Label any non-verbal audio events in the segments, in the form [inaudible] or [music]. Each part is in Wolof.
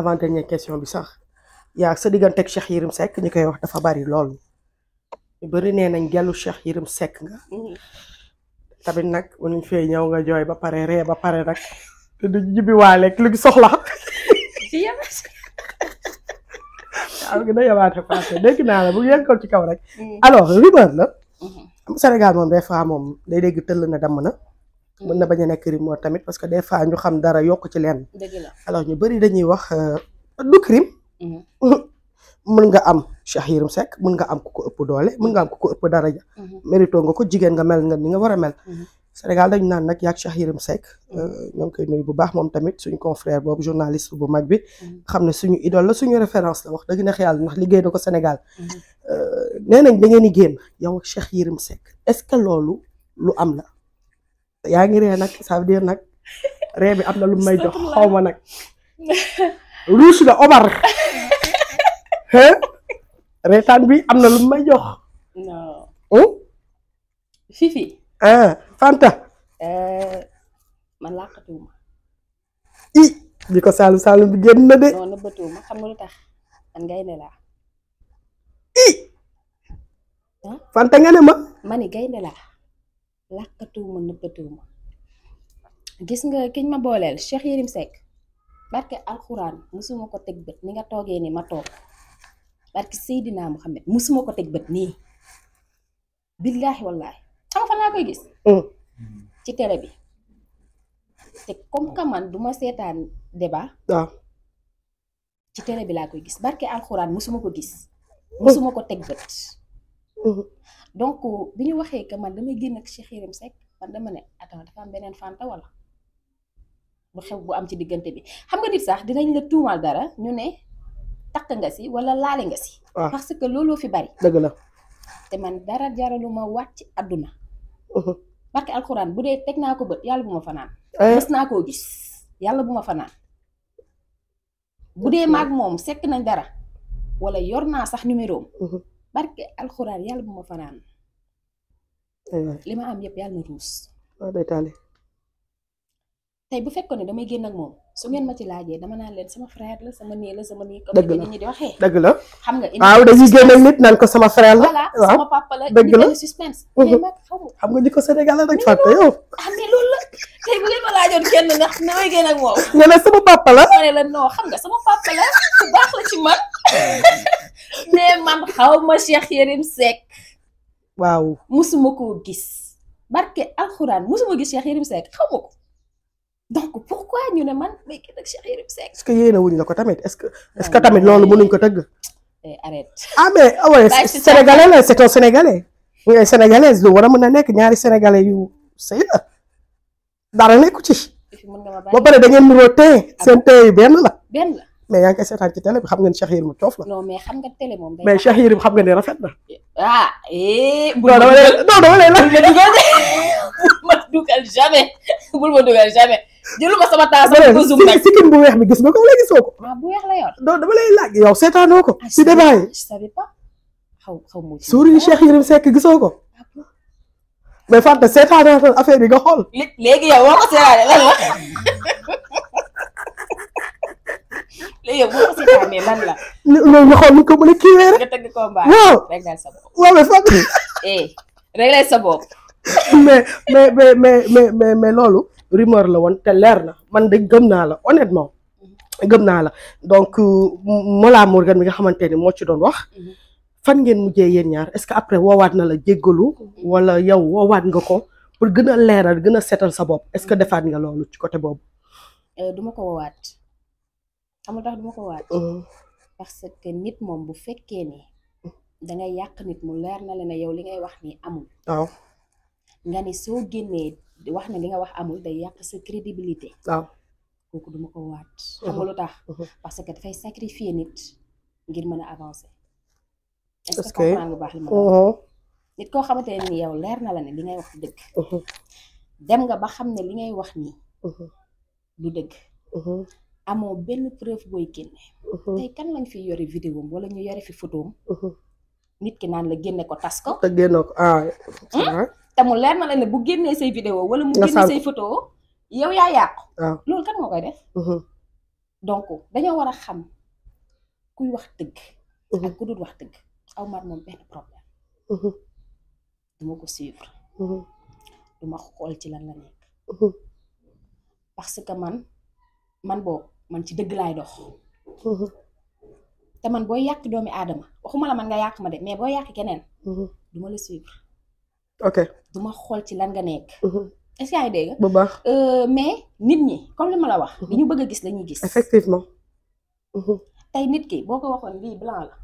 avant dernière question bi sax ya sa digantek Cheikh yirim sek ni koy wax dafa bari lol ñu bëri nee gelu Cheikh yirim sek nga tamit nak wonu fe ñaw nga joy ba paré ré ba paré nak te du jibi waaleeg lu soxla am nga yabaate passé dégg na la bu yëngal ci kaw rek mm. alors rumeur la mm-hmm. Sénégal mom des fois day dégg teul na dam na mën na bañ a nekk crime moo tamit parce que des fois ñu xam dara yokk ci lenn. dëgg alors ñu bëri dañuy wax euh, du crime. Mhm. [laughs] mën nga am Cheikh Yérim sekk mën nga am ku ko ëpp doole mën nga am ku ko ëpp daraja. Mhm. mérito nga ko jigéen nga mel nga ni nga war a mel. Mhm. Sénégal dañu naan nag yaag Cheikh Yérim Seck. Euh, ñoo ngi koy nuyu bu baax moom tamit suñu confrère boobu journaliste bu mag bi. xam ne suñu idole la suñu référence la wax dëgg neex yàlla ndax liggéey na ko Sénégal. Euh, nee nañ da ngeen di génn yow ak Cheikh sekk Seck ce que loolu lu am la. yaa ngi ree nag ça veut nag ree bi am na lu may jox xaw ma nag ruus nga Omar [laughs] reetaan bi am na lum may jox. non. Hmm? Fifi. ah Fanta. Euh, man làqatuwuma. i bi ko Saalum Saalum bi génn na de. lu tax man gaynde laa. Fanta nga ne ma. ma ni gaynde laa. làkkatuuma nëbbatuuma gis nga kiñ ma bolel Cheikh yirim sek. barke alquran musuma ko tek bet ni nga toge ni ma tok barke sayidina Muhammad musuma ko tek bet ni billahi wallahi xam fan la koy gis mm. ci télé bi te comme que man duma seetaan débat ah. ci télé bi la koy gis barke alquran musuma ko gis musuma mm. ko tek bet mm. donc bi ñu waxee que man damay génn ak Cheikh Yérim Seck man dama ne attends dafa am beneen fanta wala bu xew bu am ci diggante bi xam nga nit sax dinañ la tuumal dara ñu ne takk nga si wala laale nga si. Ah. parce que looloo fi bari. dëgg te man dara jaraluma waat ci àdduna. Uh-huh. barke alxuraan bu dee teg naa ko bët yàlla bu ma fanaan. gis eh? naa koo gis yàlla bu ma fanaan. bu dee maag moom sekk nañ dara wala yor naa sax numéro barke alxuraan yàlla bu ma fanaan li am yëpp yàlla na ruus tey bu fekkoon ne damay génn ak moom su ngeen ma ci laajee dama naan leen sama frère la sama nii la sama nii comme ni ñu di waxee dëgg la xam nga waaw dañuy génn ak nit naan ko sama frère la voilà sama papa la dëgg la suspense xam nga ñi ko Sénégal la nag fàtte tey bu ngeen ma la. ma [laughs] ma Cheikh Yérim Seck. waaw koo gis. barke alxuraan musuma gis Cheikh Yérim Seck xaw ma ko. donc ñu ne man que yéene wuñ la ko tamit est-ce que. est ah, tamit loolu mënuñ ko tëgg. Eh, arrête. ah mais ah ouais sénégalais la c'est un sénégalais. lu war a mën a nekk ñaari sénégalais yu sëy dara nekku ci. boo pare da ngeen niroo téye ah seen téye benn la. benn la seetaan ci télé bi xam ngeen Cheikh Yérim coof la. non mais xam nga télé moom day. mais Cheikh xam nga ne rafet na. ah eh. bu dama lay non dama la. bul ma dugal jamais bul ma dugal jamais. jëluma weex mi gis nga ko wala gisoo ko. waaw ah, bu weex la lay laaj yow seetaanoo ko. si ah, débat yi je savais pas xaw xaw ma. suuru Cheikh Yérim Seck gisoo ko. mais Fanta seetaanal affaire yi nga xool. léegi yow boo ko seetaanee lan la léegi yow la. ñu xool ñu ko mën a kiiwee rek. nga mais Fanta. eh réglal mais mais mais mais mais loolu rumeur la woon te leer na man de gëm naa la honnêtement mm-hmm. gëm naa la donc euh, Mollah Morgun mi nga xamante ni moo ci doon wax. Mm-hmm. fan ngeen mujjee yéen ñaar est-ce que après woowaat na la jéggalu wala yow woowaat nga ko pour gën a leeral gën a seetal sa bopp est-ce que defaat nga loolu ci côté boobu. Euh, du ma ko woowaat xam nga duma du ko woowaat. Mm-hmm. nit moom bu fekkee ne da yàq nit mu leer na la ne yow li ngay wax ni amul. waaw nga ne soo génnee wax ne li nga wax amul day yàq sa crédibilité. waaw kooku du ma ko woowaat. xam mm-hmm. nga lu tax mm-hmm. parce que dafay sacrifier nit ngir mën a avancer. est-ce que comprendre bu baax li ma uh-huh. nit koo xamante ne yow leer na la ne li ngay wax dëgg. Uh-huh. dem nga ba xam ne li ngay wax nii. Uh-huh. du dëgg. amoo benn preuve booy génne. tey kan lañ fi yore vidéo wala ñu yore fi photo nit ki naan la génne ko tas ko. te génne ko ah. Hmm? te leer na la ne bu génnee say vidéo wala mu génne say photo yow yaa yàqu. Ah. loolu kan moo koy def. donc dañoo war a xam kuy wax dëgg. ku dul wax dëgg. aw ma moom benn problème. Mhm. du ma ko suivre. Mhm. du ma xool ci lan la nekk. Mhm. parce que man man boobu man ci dëgg laay dox. te man booy yàq doomi aadama waxuma la man nga yàq ma de mais boo yàq keneen. du ma la suivre. ok du ma xool ci lan nga nekk. est-ce que yaa ngi bu baax euh, mais nit ñi comme li ma la wax. li ñu bëgg a gis la ñuy gis. effectivement. tey nit ki boo ko waxoon lii blanc la.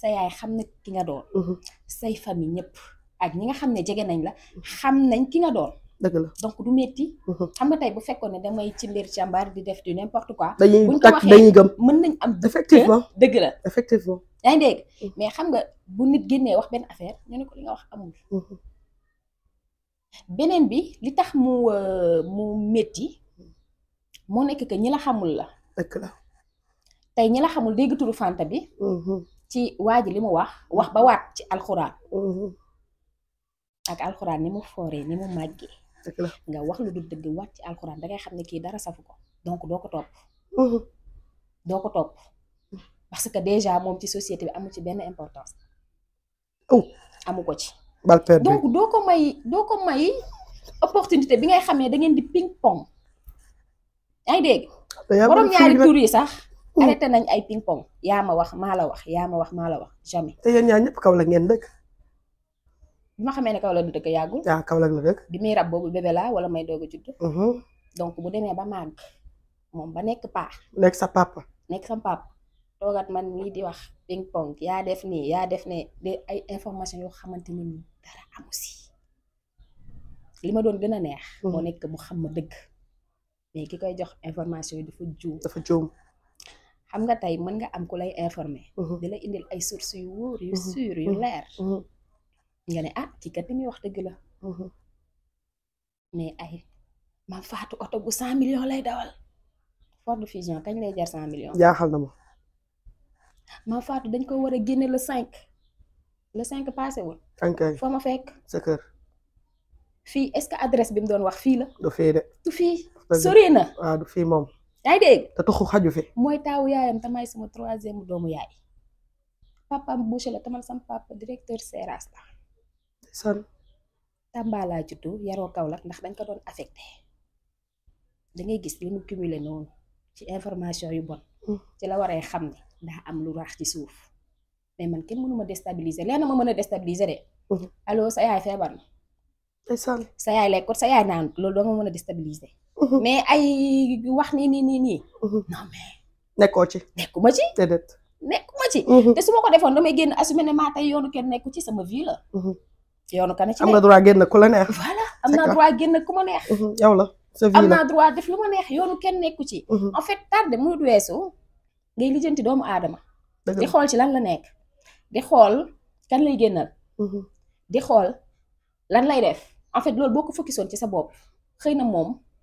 sa yaay xam na ki nga doon mhm. say famille ñëpp ak ñi nga xam ne jege nañ la xam nañ ki nga doon dëgg la donc du métti mhm. xam nga tey bu fekkoon ne damay ci mbir càmbar di def du n'importe quoi dañuy takk dañuy gëm mën nañ am effectivement dëgg la effectivement yaa dégg mhm. mais xam nga bu nit génnee wax benn affaire ñu ne ko li nga wax amul beneen bi li tax mu euh, mu métti moo nekk que ñi la xamul la dëgg la tey ñi xamul dégg turu Fanta bi ci waa limu wax wax ba wat ci alquran mhm. ak alquran ni mu foré ni mu maggé nga wax lu dul dëgg wat ci alquran da ngay xamné ki dara safu ko donc doko top mhm. doko top parce que déjà mom ci société bi amu ci ben importance oh. amu ko ci donc doko may doko may opportunité bi ngay xamee da ngeen di ping pong ay dégg borom ñaari tour yi sax arrêté nañ ay ping pong yaa ma wax maa la wax yaa ma wax maa la wax jamais. te yéen ñaar ñëpp Kaolack ngeen dëkk. bi ma xamee ne Kaolack du dëkk yàggul. waaw ah, Kaolack la dëkk. bi rab boobu bébé laa wala may doog a judd. Mhm. donc bu demee ba màgg moom ba nekk paa. nekk sa papa. nekk sa papa toogaat man mii di wax ping pong yaa def nii yaa def ne de ay information yoo xamante ne nii dara amu li ma doon gën a neex. Mhm. moo nekk mu xam ma dëgg. mais ki koy jox information yi dafa juum. dafa juum. xam nga tey mën nga am ku lay informé mhm. di la indil ay sources yu wóor yu mhm. sûr yu mhm. leer nga ne a ah, ci kat li muy wax dëgg la mais ay man faatu oto bu cent millions lay dawal Ford Fusion kañ lay jar cent millions jaaxal na ma man faatu dañ ko war a génne le cinq le cinq passé wul foo ma fekk sa kër fii est-ce que adresse bi mu doon wax fii la du fii de du na ah, du fii moom yaa ngi dégg. te tuxu xaju fi. mooy taawu yaayam tamay sama troisième doomu yaay papaam boucher la tamal sama papa directeur Seras la. san. Tamba laa juddu yaroo ndax dañ ko doon affecté dangay gis li mu cumulé noonu ci information yu bon. Hmm. ci la waree xam ne ndax am lu raax ci suuf mais man kenn mënu ma déstabiliser leen ma mën a déstabiliser de. Hmm. allo sa yaay feebar na. sa yaay lekkut sa yaay naan loolu doo mën a déstabiliser. mais ay wax ni nii nii nii. non mais. nekkoo ci nekkuma ci. déedéet nekkuma ci. te su ma ko defoon damay génn assumé ne maa tey yoonu kenn nekku ci sama vie la. yoonu kan ci am nga droit génn ku la neex. voilà am naa droit génn ku ma neex. yow la sa vie la am naa droit def lu ma neex yoonu kenn nekku ci. en fait tardé mënut weesu ngay lijjanti doomu aadama. di xool ci lan la nekk. di xool kan lay génnal. di xool lan lay def en fait loolu boo ko focus woon ci sa bopp xëy na moom.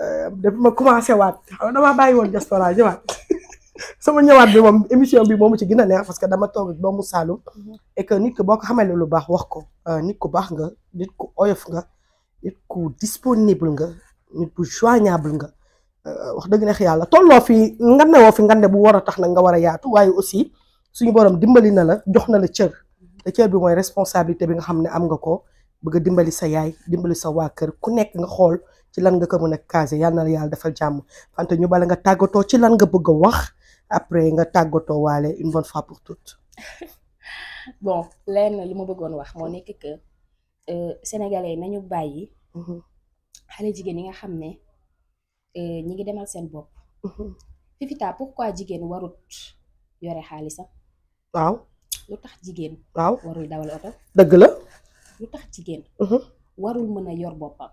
Euh, depuis ma commencé waat xam nga damaa bàyyi woon diaspora ñëwaat [laughs] sama ñëwaat bi moom émission bi moomu ci gën a neex parce que dama toog doomu Saalum mhm. et que nit ko boo ko xamale lu baax wax ko euh, nit ku baax nga nit ku oyof nga nit ku disponible nga nit bu joignable nga euh, wax dëgg neex yàlla tolloo fi ngande woo fi ngande bu war a tax nag nga war a yaatu waaye aussi suñu borom dimbali na la jox na la cër te cër bi mooy responsabilité bi nga xam ne am nga ko bëgg dimbali sa yaay dimbali sa waa kër ku nekk nga xool ci lan nga ko mëna caser yalla yàlla defal jamm fante ñu bal nga tagoto ci lan nga bëgg wax après nga tagoto walé une bonne fois pour toutes [laughs] bon lén li ma bëggoon wax mo nekk que euh, sénégalais nañu bàyyi mhm. xalé jigen yi nga xamné euh ñi ngi mhm. Fifita pourquoi jigen warut yore xaalisam Wow. lu tax jigéen waaw warul dawal auto deug la lu tax mhm. warul mëna yor bopam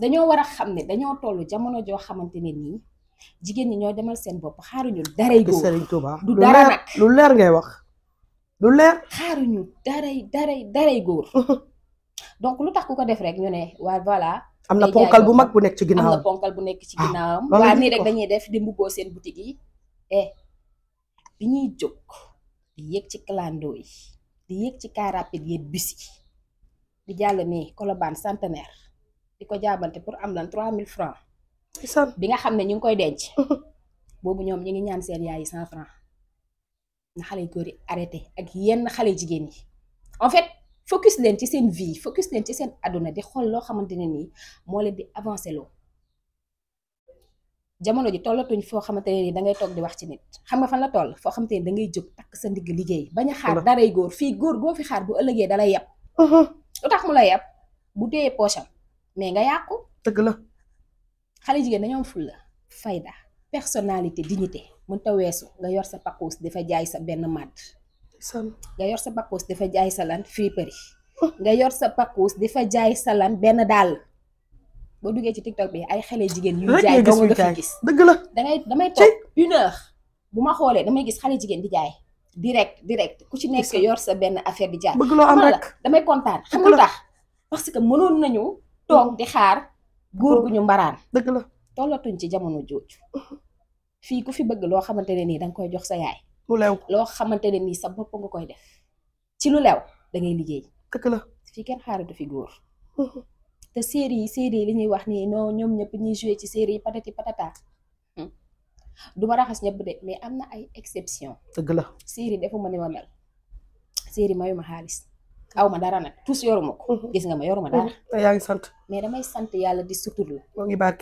dañoo war a xam ne dañoo toll jamono joo xamante ne nii jigéen ñi ñoo demal seen bopp xaaruñu daray góor Serigne Touba du dara lu leer ngay wax lu leer xaaruñu daray daray daray góor [laughs] donc lu tax ku ko def rek ñu ne waa voilà am na ponkal bu mag bu nekk ci ginnaawam am ponkal bu nekk ci ah, ginnaawam waa nii rek dañuy def di mbubboo seen boutique yi eh bi ñuy jóg di yéeg ci clando yi di yéeg ci car rapide bisi bis di jàll nii Colobane centenaire diko ko pour am lan 3000 francs bi nga xam ñu ngi koy denc [laughs] bobu ñom ñi ngi ñaan seen yaay 100 francs na xalé goor yi arrêté ak yenn xalé jigéen yi en fait focus len ci seen vie focus len ci seen aduna di xol lo xamante ni mo moo di avancer lo jamono ji tollatuñ fo xamante ni da ngay tok di wax ci nit xam nga fan la toll fo xamante da ngay jog tak sa ndig liggéey baña xaar daray goor fi goor bo fi xaar bu ëllëgee dalay yab uh-huh. lu tax mu lay yab bu dee pocham mais nga yàqu. dëgg la. xale jigéen dañoo am fulla fayda personnalité dignité mën ta weesu nga yor sa pakkuus dafa jaay sa benn madd nga yor sa pakkuus dafa jaay sa lan friperie nga yor sa di dafa jaay sa lan benn dàll boo duggee ci tiktok bi ay xale jigéen yu jaay dong dëgg la dangay damay toog une heure bu ma xoolee damay gis xale jigéen di jaay direct direct ku ci nekk yor sa benn affaire di jaay bëgg loo am rek damay kontaan xam nga tax parce que mënoon nañu toog mm. di xaar góor gu ñu mbaraan. dëgg la tollatuñ ci jamono jooju. fii ku fi bëgg loo xamante ne nii danga koy jox sa yaay. lu loo xamante ne nii sa bopp nga koy def. ci lu lew da ngay liggéey. dëgg la fii kenn xaaratu fi góor. Mm-hmm. te série yi série yi li ñuy wax nii non ñoom ñëpp ñuy joué ci série yi patati patata. Hmm. du ma raxas ñëpp de mais am na ay exception dëgg la série defuma ni ma mel. série mayuma xaalis. aw ma dara nag tous yoruma ko. Mhm. gis nga ma yoruma dara. Mhm. yaa ngi sant. mais damay sant yàlla di suturlu. moo ngi baar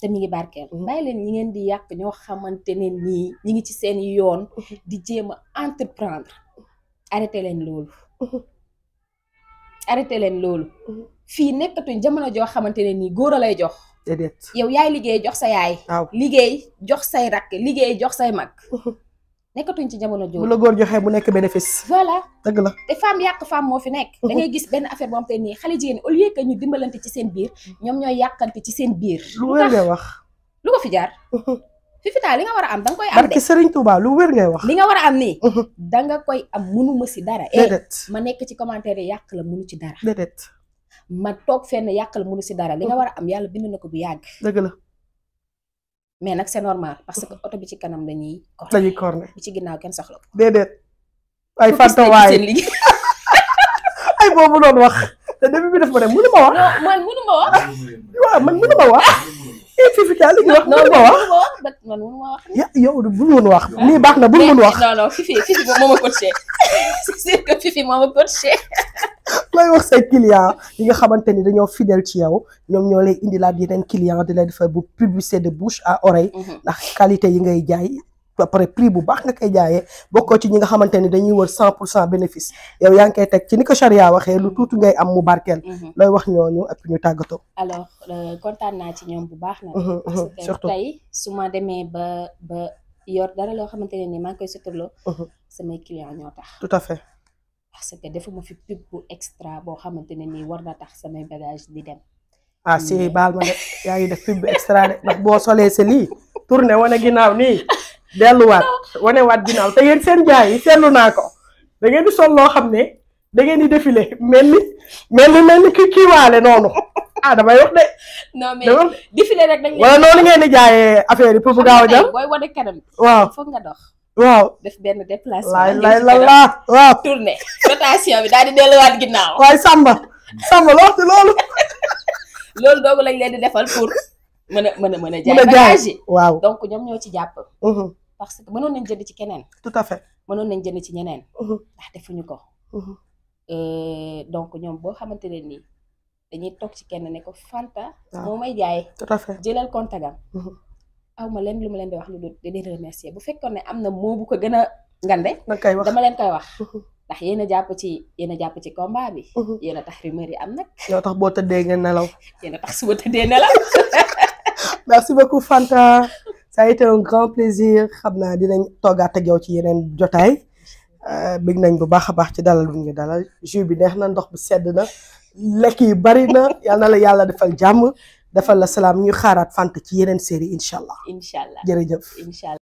te mi ngi barkeel mhm. bàyyi leen ñi ngeen di yàq ñoo xamante ne nii ñi ngi ci seen yoon di jéem a entreprendre arrêté leen loolu arrêté leen loolu fii nekkatuñ jamono joo xamante ne nii góor lay jox yow yaay liggéey jox sa yaay liggéey jox say rakk liggéey jox say mag nekatuñ ci jamono jooju bu la góor joxee mu nek bénéfice voilà deug la té femme yak femme mo fi nek da ngay gis ben affaire bo am te nii xale au lieu que ñu dimbalante ci seen biir ñom ñoy yàqante ci seen biir lu wër ngay wax lu ko fi jaar ta li nga wara am dang koy am de Serigne Touba lu wër ngay wax li nga wara am ni da nga koy am ma eh, ci dara déedéet ma nek ci commentaire yak la munu ci dara dedet ma tok fenn yàq la munu si dara li nga wara am yalla bindu nako bu yag deug la mais nag c'est normal parce que oto bi ci kanam dañuy. dañuy corné bi ci ginnaaw kenn soxla ko. déedéet ay fantawaay [laughs] ay boobu doon wax te début bi def ma ne mënu ma wax. non man mënu ma wax. waaw man mënu ma wax. Eh, fii baax na bu ñu wax. non non fifi fifi moom a coaché [laughs] c'est fifi moom a coaché [laughs] lay wax say client yi nga xamanteni ni dañoo fidèle ci yow ñom ñoo lay la yeneen client di la defal bu publicité de bouche à oreille mhm. ndax qualité yi ngay jaay après prix bu baax nga koy jaayee bokkoo ci ñi nga xamanteni dañuy wër 100% pour cent bénéfice yow yaa ngi koy teg ci ni ko charia waxee lu tuuti ngay am mu barkeel mhm. looy wax ñooñu ak ñu tàggatoo alors euh, kontaan naa ci ñoom bu baax na mhm, surtout tey su ma demee ba ba yor dara loo xamante ne ni maa ngi koy suturloo samay client ñoo tax tout à fait parce que defuma fi pub extra boo xamante ne nii war na tax samay bagage di dem. a ah, si baal ma de yaa ngi def pub extra de ndax boo solee sa lii tourné wane ginnaaw nii delluwaat [laughs] wane waat ginnaaw te yéen seen jaay yi seetlu naa ko da ngeen di sol xam ne da di défilé mel ni mel ni mel ni ki kii waale noonu. ah damay wax de. non rek dañ wala noonu ngeen di jaayee affaire yi pour bu gaaw a jàll. booy wane waaw waaw def benn déplacement. lay la la waaw tourné rotation bi daal di delluwaat ginnaaw. waaye Samba Samba loo xam loolu. loolu doogu lañ leen di defal pour mën a mën a mën a jaay bagage waaw donc ñoom ñoo ci jàpp. parce que mënoon nañ jënd ci keneen. tout à fait mënoon nañ jënd ci ñeneen. ndax defuñu ko. Euh, donc ñoom boo xamante ne nii dañuy toog ci kenn ne ko Fanta. Ah. moo may jaay. tout à fait jëlal kontagam. aw ma leen lu ma leen di wax lu di leen remercier bu fekkoon ne am na moo bu ko gën a ngande dama leen koy wax ndax yéen a jàpp ci yéen a jàpp ci combat bi yéen a am nag yow tax boo tëddee nga nelaw [laughs] yéen tax suba tëddee nelaw [laughs] merci beaucoup Fanta ça a été un grand plaisir xam naa dinañ toogaat ak yow ci yeneen jotaay euh, bëgg nañ bu baax a baax ci dalal bu ñu dalal jus bi neex na ndox bu sedd na lekk bari na yal na la yàlla defal jàmm دفع الله السلام يخارات فانتك يرن سيري إن شاء الله إن شاء الله جري جف إن شاء الله